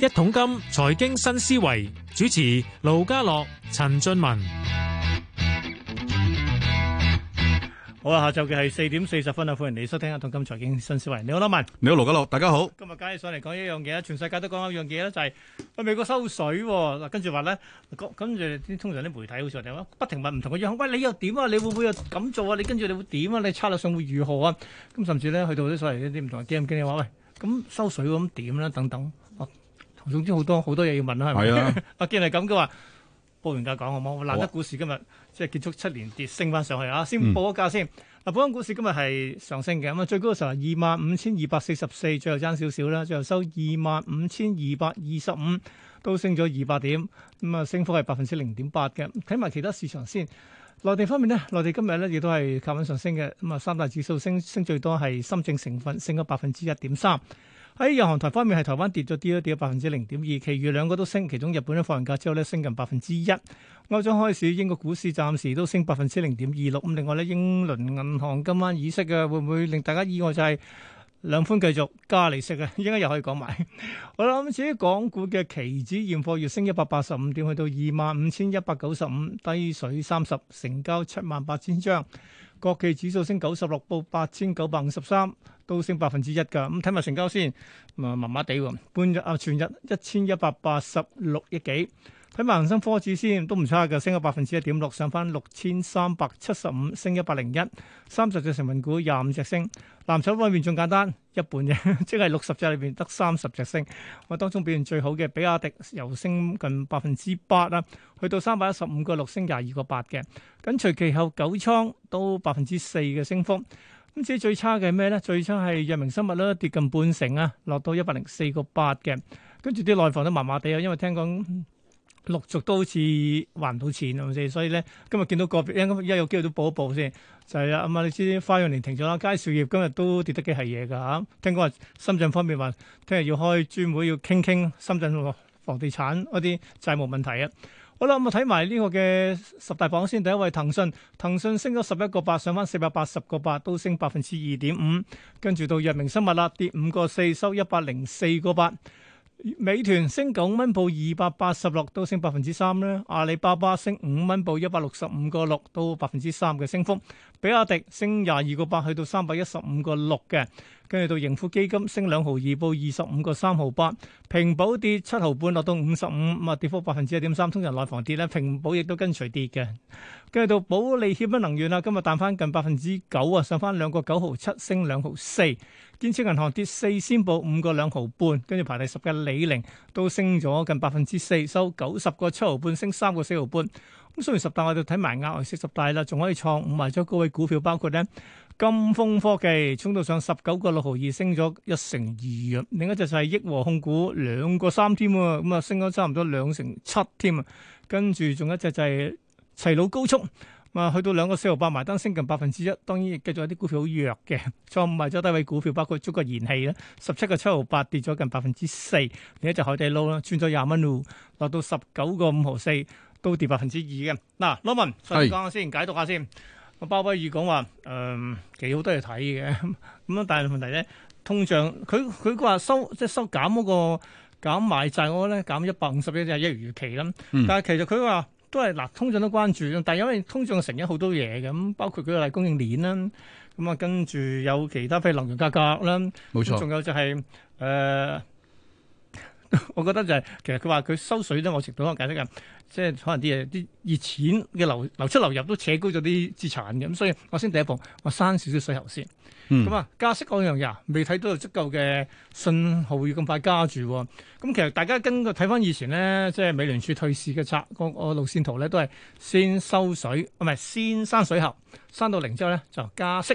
一桶金財經新思維，主持盧家樂、陳俊文，好啦，下晝嘅係四點四十分啊，歡迎你收聽一桶金財經新思維。你好，老文，你好，盧家樂，大家好。今日交易所嚟講一樣嘢，全世界都講一樣嘢啦，就係美國收水嗱。跟住話咧，跟住通常啲媒體好似話點咧，不停問唔同嘅樣，喂，你又點啊？你會唔會又咁做啊？你跟住你會點啊？你策略上會如何啊？咁甚至咧去到啲所謂一啲唔同嘅 game，game 話喂。咁收水咁點啦等等，啊總之好多好多嘢要問啦，係咪是啊，既然係咁嘅話，報完價講好冇，難得股市今日好即係結束七年跌，升翻上去啊！先報個價先。嗱、嗯，本港股市今日係上升嘅，咁啊最高嘅時候係二萬五千二百四十四，最後爭少少啦，最後收二萬五千二百二十五，都升咗二百點，咁啊升幅係百分之零點八嘅。睇埋其他市場先。內地方面咧，內地今日咧亦都係靠穩上升嘅，咁啊三大指數升，升最多係深證成分升咗百分之一點三。喺日韓台方面，係台灣跌咗啲咯，跌咗百分之零點二，其餘兩個都升，其中日本咧放完假之後咧升近百分之一。歐洲開市，英國股市暫時都升百分之零點二六。咁另外咧，英倫銀行今晚議息嘅，會唔會令大家意外就係、是？兩寬繼續加利息啊，應該又可以講埋。 我諗至於港股嘅期指現貨月升一百八十五點，去到二萬五千一百九十五，低水三十，成交七萬八千張。國企指數升九十六，報八千九百五十三，都升百分之一噶。咁睇埋成交先，啊麻麻地，半日啊全日一千一百八十六億幾。睇埋恒生科指先，都唔差嘅，升咗百分之一點六，上返六千三百七十五，升一百零一。三十隻成分股，廿五隻升。藍籌方面仲簡單，一半啫，即係六十隻裏邊得三十隻升。我當中表現最好嘅，比亞迪又升近百分之八啦，去到三百一十五個六，升廿二個八嘅。緊隨其後九倉都百分之四嘅升幅。咁至於最差嘅係咩咧？最差係藥明生物啦，跌近半成啊，落到一百零四個八嘅。跟住啲內房都麻麻地啊，因為聽講。陸續都好似還唔到錢，係咪先？所以咧，今日見到個別，一有機會都報一報先。就係啦，咁啊，你知花樣年停咗啦，佳兆業今日都跌得幾係嘢㗎嚇。聽講話深圳方面話，聽日要開專會，要傾傾深圳房地產一啲債務問題啊。好啦，咁啊，睇埋呢個嘅十大榜先。第一位騰訊，騰訊升咗十一個八，上翻四百八十個八，都升百分之二點五。跟住到藥明生物啦，跌五個四，收一百零四個八。美團升九蚊報二百八十六，都升百分之三啦，阿里巴巴升五蚊報一百六十五個六，都百分之三嘅升幅。比亞迪升廿二個八去到三百一十五個六嘅。跟住到盈富基金升兩毫二，報二十五個三毫八，平保跌七毫半，落到五十五，咁啊跌幅百分之一點三。通常內房跌咧，平保亦都跟隨跌嘅。跟住到保利協鑫能源啊，今日彈翻近百分之九啊，上翻兩個九毫七，升兩毫四。建設銀行跌四仙，報五個兩毫半，跟住排第十嘅李寧都升咗近百分之四，收九十個七毫半，升三個四毫半。咁雖然十大我哋睇埋額外四十大啦，仲可以創五埋咗高位股票，包括咧。金峰科技衝到上十九個六毫二，升咗一成二啊！另一隻就係益和控股兩個三添喎，咁啊升咗差唔多兩成七添啊！跟住仲有一隻就係齊佬高速，啊去到兩個四毫八埋單，升近百分之一。當然亦繼續有啲股票好弱嘅，再賣咗低位股票，包括中國燃氣咧，十七個七毫八跌咗近百分之四。另一隻海底撈啦，穿咗廿蚊咯，落到十九個五毫四，都跌百分之二嘅。嗱 l 文，w m 講下先，是解讀下先。個鮑威爾講話，嗯，幾好多嘢睇嘅，咁樣，但係問題咧，通脹，佢佢話收即係收減嗰，那個減買債我咧減一百五十億就一如預期啦。但係其實佢話都係嗱，通脹都關注，但係因為通脹成因好多嘢嘅，咁包括佢個係供應鏈啦，咁啊跟住有其他譬如能源價格啦，冇錯錯，仲有就係、是、誒。呃 我覺得就係、是、其實佢話佢收水咧，我直到個解釋咁，即係可能啲嘢啲熱錢嘅流流出流入都扯高咗啲資產嘅，咁所以我先第一步我刪少少水喉先。咁、嗯、啊、嗯、加息嗰樣嘢啊，未睇到有足夠嘅信號要咁快加住。咁、嗯、其實大家根據睇翻以前咧，即係美聯儲退市嘅策個個、哦哦、路線圖咧，都係先收水，唔、哦、係先刪水喉，刪到零之後咧就加息，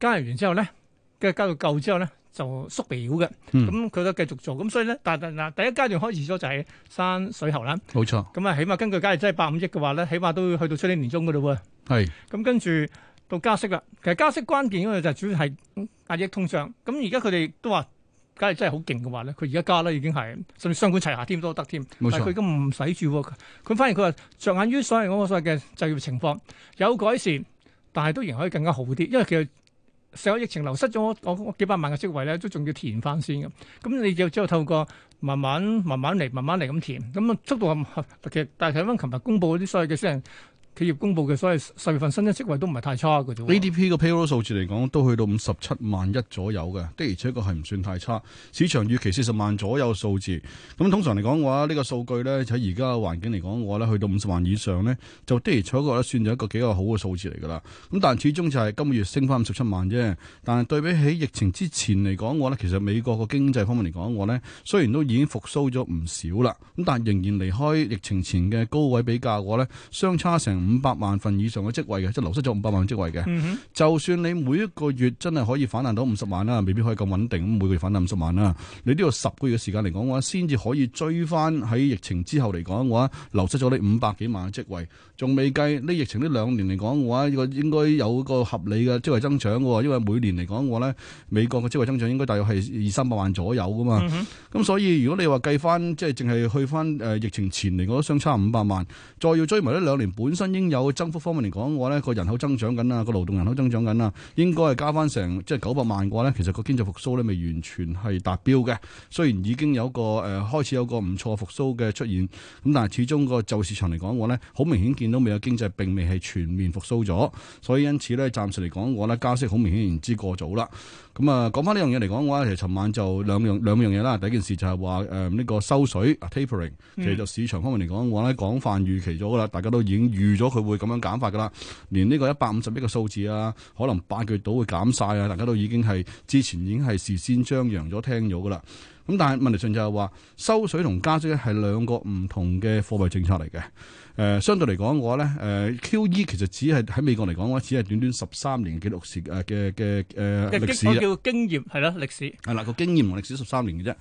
加息完之後咧，跟住加到夠之後咧。就縮表嘅，咁佢、嗯、都繼續做，咁所以咧，但係嗱第一階段開始咗就係閂水喉啦，冇沒錯。咁啊，起碼根據假如真係百五億嘅話咧，起碼都去到出年年中嘅嘞喎。係，咁跟住到加息啦。其實加息關鍵嗰個就係主要係壓抑通脹。咁而家佢哋都加利話，假如真係好勁嘅話咧，佢而家加啦已經係，甚至雙管齊下添都得添。冇錯。佢都唔使住，佢反而佢話着眼於所謂我所嘅就業情況有改善，但係都仍可以更加好啲，因為其實。成個疫情流失咗我幾百萬嘅職位咧，都仲要填翻先嘅。咁你就只有透過慢慢、慢慢嚟、慢慢嚟咁填。咁啊速度係其實，但係睇翻琴日公布嗰啲所有嘅聲。企業公布嘅所謂十月份新一職位都唔係太差嘅啫。ADP 嘅 payroll 數字嚟講都去到五十七萬一左右嘅，的而且確係唔算太差。市場預期四十萬左右嘅數字，咁通常嚟講嘅話，呢個數據咧喺而家嘅環境嚟講嘅話咧，去到五十萬以上咧，就的而且確咧算咗一個比較好嘅數字嚟㗎啦。咁但係始終就係今個月升翻五十七萬啫。但係對比起疫情之前嚟講嘅話咧，其實美國嘅經濟方面嚟講嘅話咧，雖然都已經復甦咗唔少啦，咁但係仍然離開疫情前嘅高位比較嘅話咧，相差成五百萬份以上嘅職位嘅，即係流失咗五百萬職位嘅。Mm hmm. 就算你每一個月真係可以反彈到五十萬啦，未必可以咁穩定。咁每個月反彈五十萬啦，你都要十個月嘅時間嚟講嘅話，先至可以追翻喺疫情之後嚟講嘅話，流失咗呢五百幾萬嘅職位，仲未計呢疫情呢兩年嚟講嘅話，應該有個合理嘅職位增長嘅。因為每年嚟講嘅話咧，美國嘅職位增長應該大約係二三百萬左右噶嘛。咁、mm hmm. 所以如果你話計翻，即係淨係去翻誒疫情前嚟講相差五百萬，再要追埋呢兩年本身。應有增幅方面嚟講嘅話咧，個人口增長緊啊，個勞動人口增長緊啊，應該係加翻成即係九百萬嘅話咧，其實個經濟復甦咧未完全係達標嘅。雖然已經有個誒、呃、開始有個唔錯復甦嘅出現，咁但係始終個就市場嚟講嘅話咧，好明顯見到未有經濟並未係全面復甦咗，所以因此咧，暫時嚟講嘅話咧，加息好明顯言之過早啦。咁啊，講翻呢樣嘢嚟講嘅話，其實尋晚就兩樣兩樣嘢啦。第一件事就係話誒呢個收水啊 tapering，其實就市場方面嚟講，我喺廣泛預期咗噶啦，大家都已經預咗佢會咁樣減法噶啦。連呢個一百五十億嘅數字啊，可能八月度會減晒啊，大家都已經係之前已經係事先張揚咗聽咗噶啦。咁但係問題上就係話收水同加息係兩個唔同嘅貨幣政策嚟嘅。誒、呃、相對嚟講嘅話咧，誒、呃、QE 其實只係喺美國嚟講話，只係短短十三年記錄時、呃呃、史誒嘅嘅誒歷史。叫經驗係咯歷史。係啦，個經驗同歷史十三年嘅啫。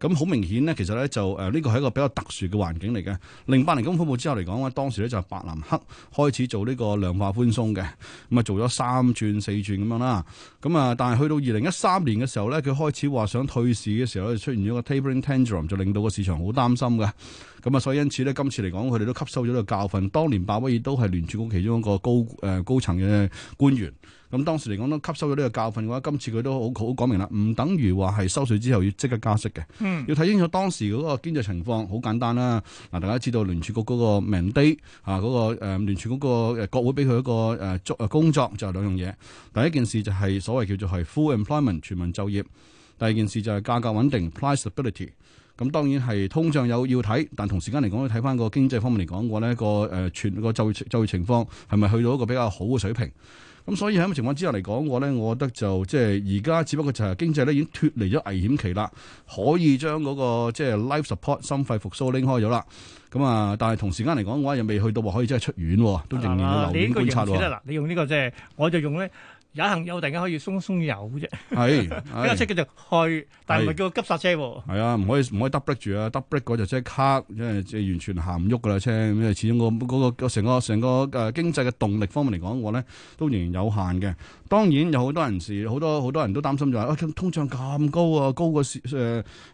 咁好明顯咧，其實咧就誒呢個係一個比較特殊嘅環境嚟嘅。零八年金融風暴之後嚟講嘅話，當時咧就係、是、白林克開始做呢個量化寬鬆嘅，咁啊，做咗三轉四轉咁樣啦。咁啊，但係去到二零一三年嘅時候咧，佢開始話想退市嘅時候咧。出現咗個 tapering tantrum，就令到個市場好擔心噶。咁、嗯、啊，所以因此咧，今次嚟講，佢哋都吸收咗呢個教訓。當年鮑威爾都係聯儲局其中一個高誒、呃、高層嘅官員。咁、嗯、當時嚟講都吸收咗呢個教訓嘅話，今次佢都好好講明啦，唔等於話係收稅之後要即刻加息嘅。嗯，要睇清楚當時嗰個經濟情況，好簡單啦。嗱，大家知道聯儲局嗰個 mandate 啊，嗰、那個誒聯儲局個國會俾佢一個誒作、呃、工作就係兩樣嘢。第一件事就係所謂叫做係 full employment 全民就業。第二件事就係價格穩定 （price stability），咁當然係通脹有要睇，但同時間嚟講，睇翻個經濟方面嚟講嘅話咧，個誒、呃、全個就業就業情況係咪去到一個比較好嘅水平？咁所以喺咁嘅情況之下嚟講嘅話咧，我覺得就即係而家只不過就係經濟咧已經脱離咗危險期啦，可以將嗰、那個即係 life support 心肺復甦拎開咗啦。咁啊，但係同時間嚟講嘅話，又未去到話可以即係出院，都仍然要留院觀察喎、啊。你用呢、這個，即係，我就用咧。有行有停嘅，突然間可以鬆鬆油啫。係，架車叫做去，但係唔係叫急剎車。係啊，唔可以唔可以 double break 住啊！double break 嗰就即係卡，即係即係完全行唔喐噶啦，車咁啊！始終我、嗰個成、嗰個成個誒經濟嘅動力方面嚟講，嘅話咧都仍然有限嘅。當然有好多人士，好多好多人都擔心就話：啊、哎，通通脹咁高啊，高過誒誒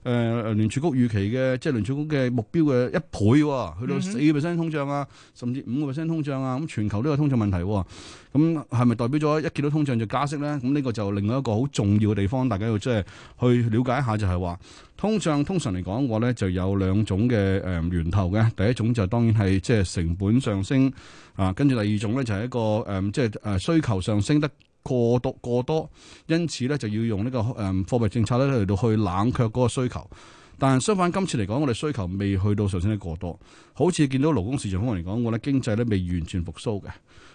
聯儲局預期嘅，即係聯儲局嘅目標嘅一倍，啊，去到四個 percent 通脹啊，甚至五個 percent 通脹啊！咁全球都有通脹問題，啊，咁係咪代表咗一見到通脹？就繼續加息咧，咁、這、呢個就另外一個好重要嘅地方，大家要即係去了解一下就，就係話通脹通常嚟講，我咧就有兩種嘅誒源頭嘅。第一種就當然係即係成本上升啊，跟住第二種咧就係一個誒，即係誒需求上升得過度過多，因此咧就要用呢、這個誒、嗯、貨幣政策咧嚟到去冷卻嗰個需求。但相反，今次嚟講，我哋需求未去到上升得過多，好似見到勞工市場方面嚟講，我咧經濟咧未完全復甦嘅，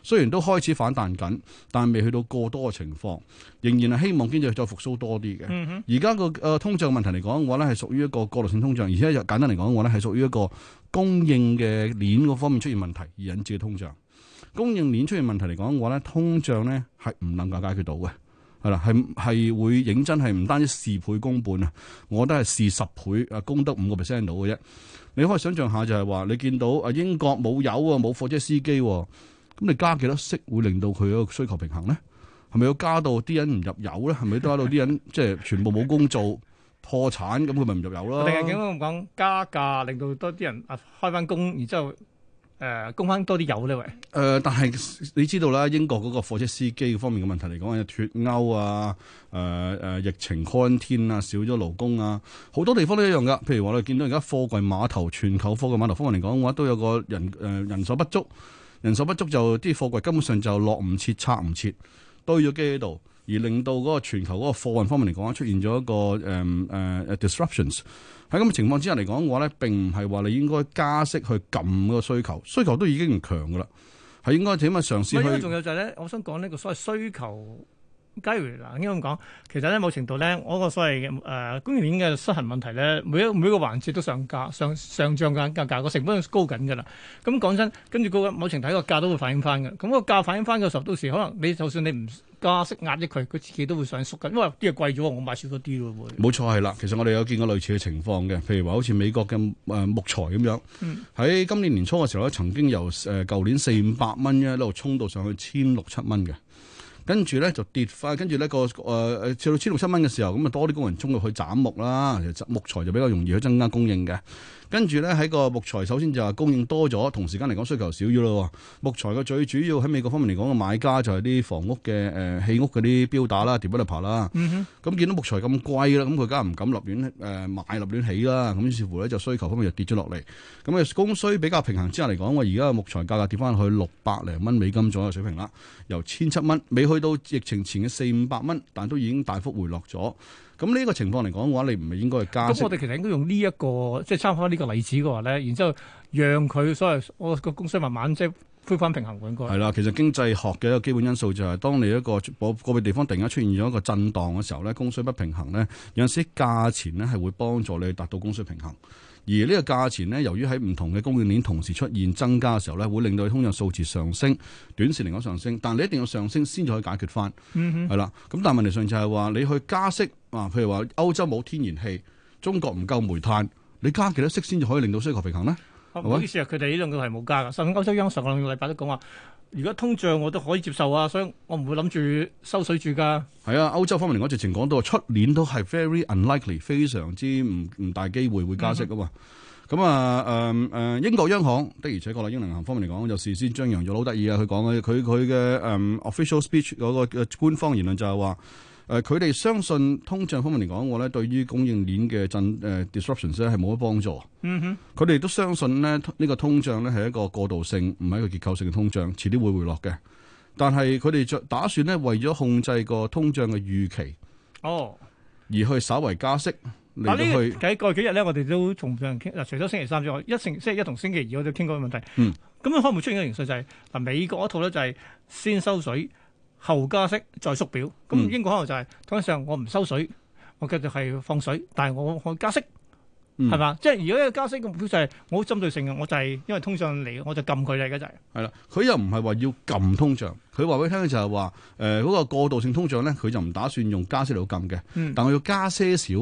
雖然都開始反彈緊，但係未去到過多嘅情況，仍然係希望經濟再復甦多啲嘅。而家個誒通脹問題嚟講嘅話咧，係屬於一個過渡性通脹，而且又簡單嚟講嘅話咧，係屬於一個供應嘅鏈嗰方面出現問題而引致嘅通脹。供應鏈出現問題嚟講嘅話咧，通脹咧係唔能夠解決到嘅。係啦，係係會認真係唔單止事倍功半啊！我覺得係事十倍啊，功德五個 percent 到嘅啫。你可以想象下就，就係話你見到啊英國冇油啊，冇貨車司機咁，你加幾多息會令到佢個需求平衡咧？係咪要加到啲人唔入油咧？係咪到嗰度啲人的即係全部冇工做破產咁，佢咪唔入油啦？定係點咁講，加價令到多啲人啊開翻工，然之後。誒供翻多啲油呢？喂！誒，但係你知道啦，英國嗰個貨車司機方面嘅問題嚟講，有脫歐啊，誒、呃、誒疫情看天啊，少咗勞工啊，好多地方都一樣噶。譬如話，我哋見到而家貨櫃碼頭，全球貨櫃碼頭方面嚟講嘅話，都有個人誒、呃、人手不足，人手不足就啲貨櫃根本上就落唔切，拆唔切，堆咗機喺度。而令到嗰個全球嗰個貨運方面嚟講，出現咗一個誒誒 disruptions。喺咁嘅情況之下嚟講嘅話咧，並唔係話你應該加息去撳個需求，需求都已經唔強㗎喇，係應該點啊？嘗試去。咁啊，仲有就係咧，我想講呢個所謂需求。假如嗱，應該咁講，其實咧某程度咧，我個所謂嘅誒供應鏈嘅失衡問題咧，每一每個環節都上價上上漲緊價格，成本都高緊㗎啦。咁、嗯、講真，跟住個某程度睇個價都會反映翻嘅。咁個價反映翻嘅時候，到時可能你就算你唔加息壓抑佢，佢自己都會上縮緊，因為啲嘢貴咗，我買少咗啲喎。冇錯，係啦。其實我哋有見過類似嘅情況嘅，譬如話好似美國嘅誒木材咁樣，喺今年年初嘅時候咧，曾經由誒舊、呃、年四五百蚊一路衝到上去千六七蚊嘅。跟住咧就跌翻，跟住呢個誒誒跌到千六七蚊嘅時候，咁啊多啲工人衝入去斬木啦，木材就比較容易去增加供應嘅。跟住咧喺個木材首先就係供應多咗，同時間嚟講需求少咗咯。木材嘅最主要喺美國方面嚟講嘅買家就係啲房屋嘅誒起屋嗰啲標打啦、developer 啦。咁見到木材咁貴啦，咁佢梗係唔敢立亂誒、呃、買、立亂起啦。咁於是乎咧就需求方面就跌咗落嚟。咁啊供需比較平衡之下嚟講，我而家嘅木材價格跌翻去六百零蚊美金左右水平啦，由千七蚊未去到疫情前嘅四五百蚊，但都已經大幅回落咗。咁呢一個情況嚟講嘅話，你唔係應該去加息？我哋其實應該用呢、這、一個，即係參考呢個例子嘅話咧，然之後讓佢所謂我個供需慢慢即係恢復翻平衡，應該係啦。其實經濟學嘅一個基本因素就係、是，當你一個個個別地方突然間出現咗一個震盪嘅時候咧，供需不平衡咧，有陣時價錢咧係會幫助你達到供需平衡。而個價呢個價錢咧，由於喺唔同嘅供應鏈同時出現增加嘅時候咧，會令到你通脹數字上升、短時嚟講上升，但你一定要上升先至可以解決翻。嗯哼、mm。係、hmm. 啦，咁但係問題上就係話你去加息。啊，譬如話歐洲冇天然氣，中國唔夠煤炭，你加幾多息先至可以令到需求平衡咧？唔好、啊、吧意思啊，佢哋呢兩個係冇加噶。甚至歐洲央行上個禮拜都講話，如果通脹我都可以接受啊，所以我唔會諗住收水住噶。係啊，歐、啊、洲方面嚟講，直情講到出年都係 very unlikely，非常之唔唔大機會會加息噶。咁啊、嗯，誒誒、嗯嗯嗯嗯，英國央行的而且確啦，英格蘭銀行方面嚟講，就事先張揚咗好得意啊，佢講嘅，佢佢嘅誒 official speech 個官方言論就係話。誒佢哋相信通脹方面嚟講，我咧對於供應鏈嘅震誒 disruptions 咧係冇乜幫助。嗯哼，佢哋都相信咧呢個通脹咧係一個過渡性，唔係一個結構性嘅通脹，遲啲會回落嘅。但係佢哋就打算咧為咗控制個通脹嘅預期，哦，而去稍為加息嚟到去。過去幾日咧，我哋都從上傾嗱，除咗星期三之外，一星即係星期一同星期二我都傾過嘅問題。嗯，咁樣可唔會出現嘅形勢就係嗱，美國一套咧就係先收水後加息再縮表，咁英國可能就係通常我唔收水，我繼續係放水，但係我我加息，係嘛？嗯、即係如果一個加息嘅目標就係我好針對性嘅，我就係因為通脹嚟，我就撳佢嚟而家就係、是。係啦，佢又唔係話要撳通脹，佢話俾你聽就係話，誒、呃、嗰、嗰個過渡性通脹咧，佢就唔打算用加息嚟到撳嘅，嗯、但我要加些少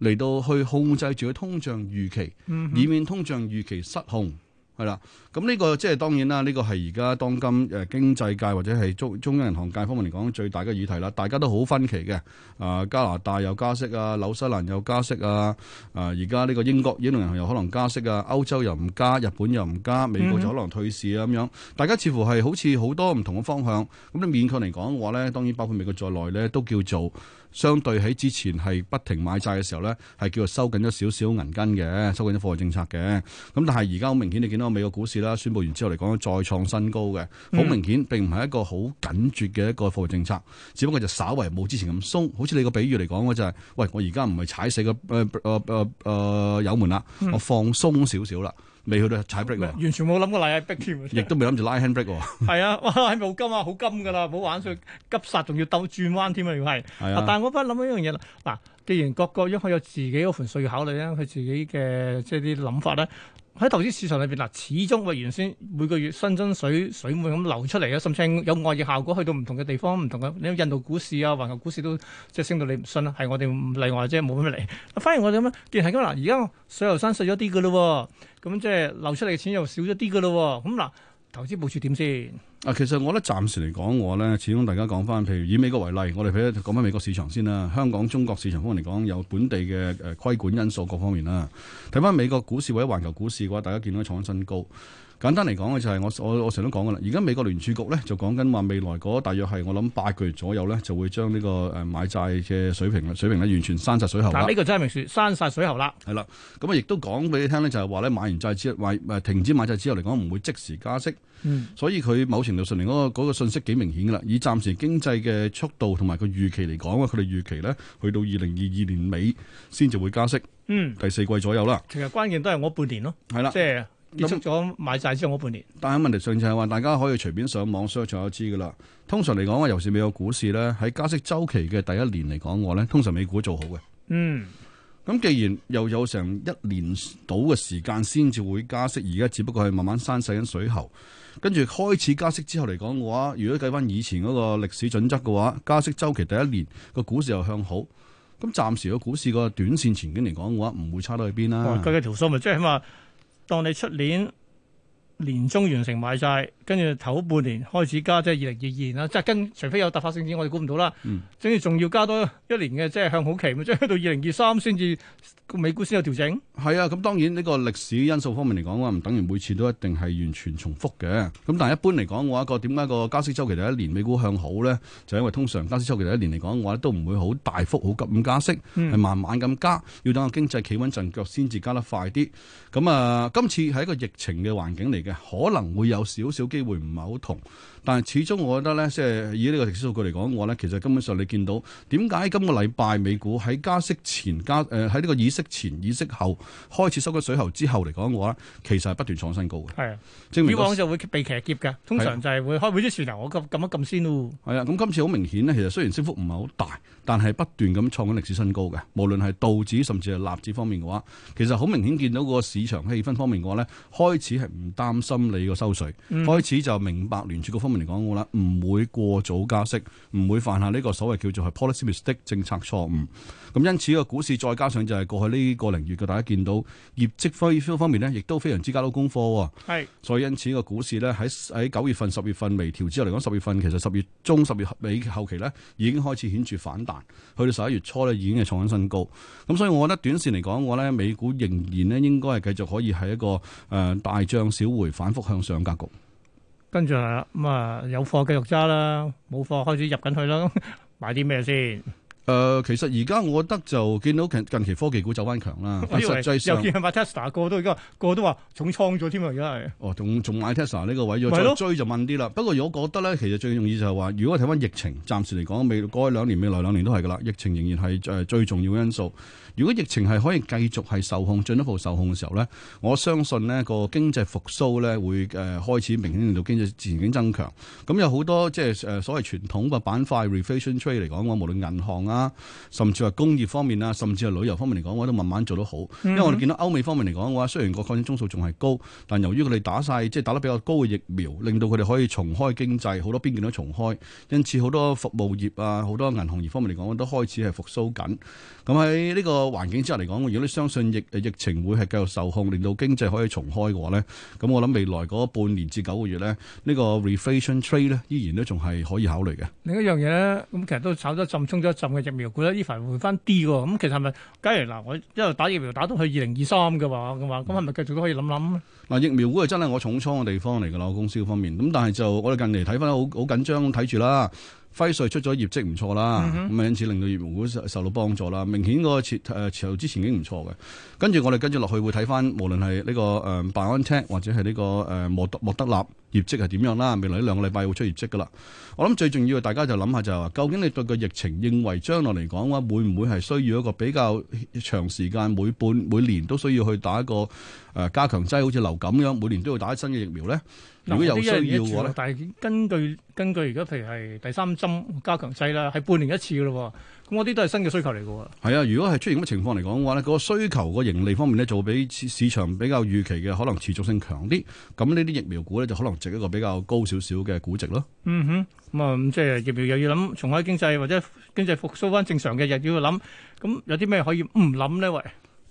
嚟到去控制住個通脹預期，以免通脹預期失控。嗯係啦，咁呢、這個即係當然啦，呢、這個係而家當今誒、呃、經濟界或者係中中央銀行界方面嚟講最大嘅議題啦。大家都好分歧嘅，啊、呃、加拿大又加息啊，紐、呃、西蘭又加息啊，啊而家呢個英國英倫銀行又可能加息啊，歐洲又唔加，日本又唔加，美國就可能退市啊咁、嗯、樣。大家似乎係好似好多唔同嘅方向。咁、嗯、你勉強嚟講嘅話咧，當然包括美國在內咧，都叫做相對喺之前係不停買債嘅時候咧，係叫做收緊咗少少銀根嘅，收緊咗貨幣政策嘅。咁但係而家好明顯你見到。美國股市啦，宣布完之後嚟講，再創新高嘅，好明顯並唔係一個好緊縮嘅一個貨幣政策，只不過就稍為冇之前咁鬆。好似你個比喻嚟講，就是，就係，喂，我而家唔係踩死個誒誒誒誒油門啦，嗯、我放鬆少少啦，未去到踩 brake 完全冇諗過踩下 brake 添，亦都未諗住拉 handbrake 係啊，哇，係咪好金啊？好金噶啦，冇玩上急剎，仲要兜轉彎添啊！如果係，但係我畢諗起一樣嘢啦，嗱，既然各國應該有自己嗰盤數要考慮咧，佢自己嘅即係啲諗法咧。 喺投資市場裏邊嗱，始終喂原先每個月新增水水滿咁流出嚟啊，甚至有外溢效果去到唔同嘅地方，唔同嘅你有印度股市啊、環球股市都即係升到你唔信啦，係我哋唔例外啫，冇乜乜嚟。反而我哋咁樣，既然係咁嗱，而家水又山細咗啲嘅咯喎，咁即係流出嚟嘅錢又少咗啲嘅咯喎，咁嗱，投資部署點先？啊，其實我覺得暫時嚟講，我咧始終大家講翻，譬如以美國為例，我哋譬如講翻美國市場先啦。香港、中國市場方面嚟講，有本地嘅誒規管因素各方面啦。睇翻美國股市或者環球股市嘅話，大家見到創新高。簡單嚟講咧就係、是、我我我成日都講噶啦，而家美國聯儲局咧就講緊話未來嗰大約係我諗八個月左右咧就會將呢個誒買債嘅水平咧水平咧完全閂晒水喉啦。嗱呢個真係明說閂晒水喉啦。係啦，咁啊亦都講俾你聽咧就係話咧買完債之後，為誒停止買債之後嚟講唔會即時加息。嗯、所以佢某程度上嚟，嗰，那個嗰，那個信息幾明顯噶啦。以暫時經濟嘅速度同埋佢預期嚟講，佢哋預期咧去到二零二二年尾先至會加息。嗯。第四季左右啦。其實關鍵都係我半年咯。係啦的。即係的。結束咗、嗯、買晒之後嗰半年，但係問題上就係話，大家可以隨便上網 search 下就知噶啦。通常嚟講，我尤其是美國股市咧，喺加息周期嘅第一年嚟講，我咧通常美股做好嘅。嗯，咁既然又有成一年到嘅時間先至會加息，而家只不過係慢慢閂細緊水喉，跟住開始加息之後嚟講嘅話，如果計翻以前嗰個歷史準則嘅話，加息周期第一年個股市又向好，咁暫時個股市個短線前景嚟講嘅話，唔會差到去邊啦。計嘅條數咪即係起碼。那個當你出年。年中完成買債，跟住頭半年開始加，即係二零二二年啦。即係跟除非有突發事件，我哋估唔到啦。嗯，總之仲要加多一年嘅，即係向好期嘛，即係到二零二三先至個美股先有調整。係啊，咁當然呢個歷史因素方面嚟講嘅話，唔等於每次都一定係完全重複嘅。咁但係一般嚟講我一個點解個加息周期第一年美股向好咧？就因為通常加息周期第一年嚟講嘅話，都唔會好大幅、好急咁加息，係、嗯、慢慢咁加，要等個經濟企穩陣腳先至加得快啲。咁、嗯、啊，今次係一個疫情嘅環境嚟嘅。可能會有少少機會，唔係好同。但係始終我覺得咧，即係以呢個歷史數據嚟講嘅話咧，其實根本上你見到點解今個禮拜美股喺加息前加誒喺呢個議息前議息後開始收緊水喉之後嚟講嘅話，其實係不斷創新高嘅。係啊，正面以往就會被騎劫嘅，通常就係會開會啲船頭，我撳一撳先喎。係啊，咁今、啊、次好明顯咧，其實雖然升幅唔係好大，但係不斷咁創緊歷史新高嘅，無論係道指甚至係納指方面嘅話，其實好明顯見到個市場氣氛方面嘅話咧，開始係唔擔心你個收水，嗯、開始就明白聯儲局方嚟講好啦，唔會過早加息，唔會犯下呢個所謂叫做係 policy mistake 政策錯誤。咁因此個股市再加上就係過去呢個零月嘅，大家見到業績方面咧，亦都非常之交到功課，哦。係是，所以因此個股市咧喺喺九月份、十月份微調之後嚟講，十月份其實十月中、十月尾後期咧已經開始顯著反彈，去到十一月初咧已經係創新新高。咁所以我覺得短線嚟講嘅話咧，美股仍然咧應該係繼續可以係一個誒、呃、大漲小回反復向上格局。跟住係啦，咁、嗯、啊有貨繼續揸啦，冇貨開始入緊去啦， 買啲咩先？誒、呃，其實而家我覺得就見到近期科技股走翻強啦。啊、又見阿 Tesla 個個都而家，個個都話重倉咗添啊！而家係哦，仲仲買 Tesla 呢個位再追就問啲啦。不過如果覺得咧，其實最重要就係話，如果睇翻疫情，暫時嚟講未過去兩年，未來兩年都係噶啦。疫情仍然係誒最重要因素。如果疫情係可以繼續係受控，進一步受控嘅時候咧，我相信呢個經濟復甦咧會誒開始明顯令到經濟前景增強。咁有好多即係誒所謂傳統嘅板塊 reflation trade 嚟講，無論銀行啊。啊，甚至係工業方面啊，甚至係旅遊方面嚟講，我都慢慢做到好。因為我哋見到歐美方面嚟講嘅話，雖然個確診宗數仲係高，但由於佢哋打晒即係打得比較高嘅疫苗，令到佢哋可以重開經濟，好多邊境都重開。因此好多服務業啊，好多銀行業方面嚟講，都開始係復甦緊。咁喺呢個環境之下嚟講，如果你相信疫疫情會係繼續受控，令到經濟可以重開嘅話咧，咁我諗未來嗰半年至九個月咧，呢個 reflation trade 咧，依然都仲係可以考慮嘅。另一樣嘢咧，咁其實都炒咗浸，衝咗一浸嘅。疫苗股咧呢份回翻啲喎，咁、嗯、其實係咪假如嗱我一路打疫苗打到去二零二三嘅話嘅話，咁係咪繼續都可以諗諗嗱，疫苗股係真係我重倉嘅地方嚟嘅啦，我公司方面。咁、嗯、但係就我哋近期睇翻好好緊張睇住啦，輝瑞出咗業績唔錯啦，咁啊、嗯、哼因此令到疫苗股受,受到幫助啦，明顯嗰、那個前誒、呃、之前已經唔錯嘅。跟住我哋跟住落去會睇翻，無論係呢、這個誒 BioNTech 或者係呢、這個誒莫、呃、莫德納。業績係點樣啦？未來呢兩個禮拜會出業績噶啦。我諗最重要大家就諗下就係話，究竟你對個疫情認為將來嚟講，話會唔會係需要一個比較長時間，每半每年都需要去打一個誒加強劑，好似流感咁樣，每年都要打一新嘅疫苗咧？如果有需要嘅話咧，但係根據根據而家譬如係第三針加強劑啦，係半年一次噶咯。咁嗰啲都係新嘅需求嚟嘅喎。係啊，如果係出現咁嘅情況嚟講嘅話，呢個需求個盈利方面呢，就會比市市場比較預期嘅可能持續性強啲。咁呢啲疫苗股呢，就可能值一個比較高少少嘅估值咯。嗯哼，咁、嗯、啊，即係疫苗又要諗重開經濟或者經濟復甦翻正常嘅日要去諗，咁有啲咩可以唔諗呢？喂？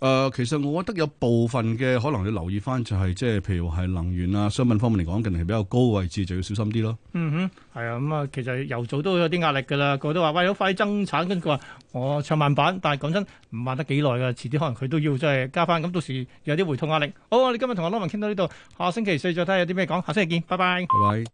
誒、呃，其實我覺得有部分嘅可能你留意翻、就是，就係即係譬如話係能源啊、商品方面嚟講，近期比較高位置就要小心啲咯。嗯哼，係啊，咁、嗯、啊，其實油早都有啲壓力㗎啦，個都話喂，咗快增產，跟住話我唱慢板，但係講真唔慢得幾耐㗎，遲啲可能佢都要即係加翻，咁到時有啲回吐壓力。好，我哋今日同阿羅文傾到呢度，下星期四再睇下有啲咩講，下星期見，拜拜。拜拜。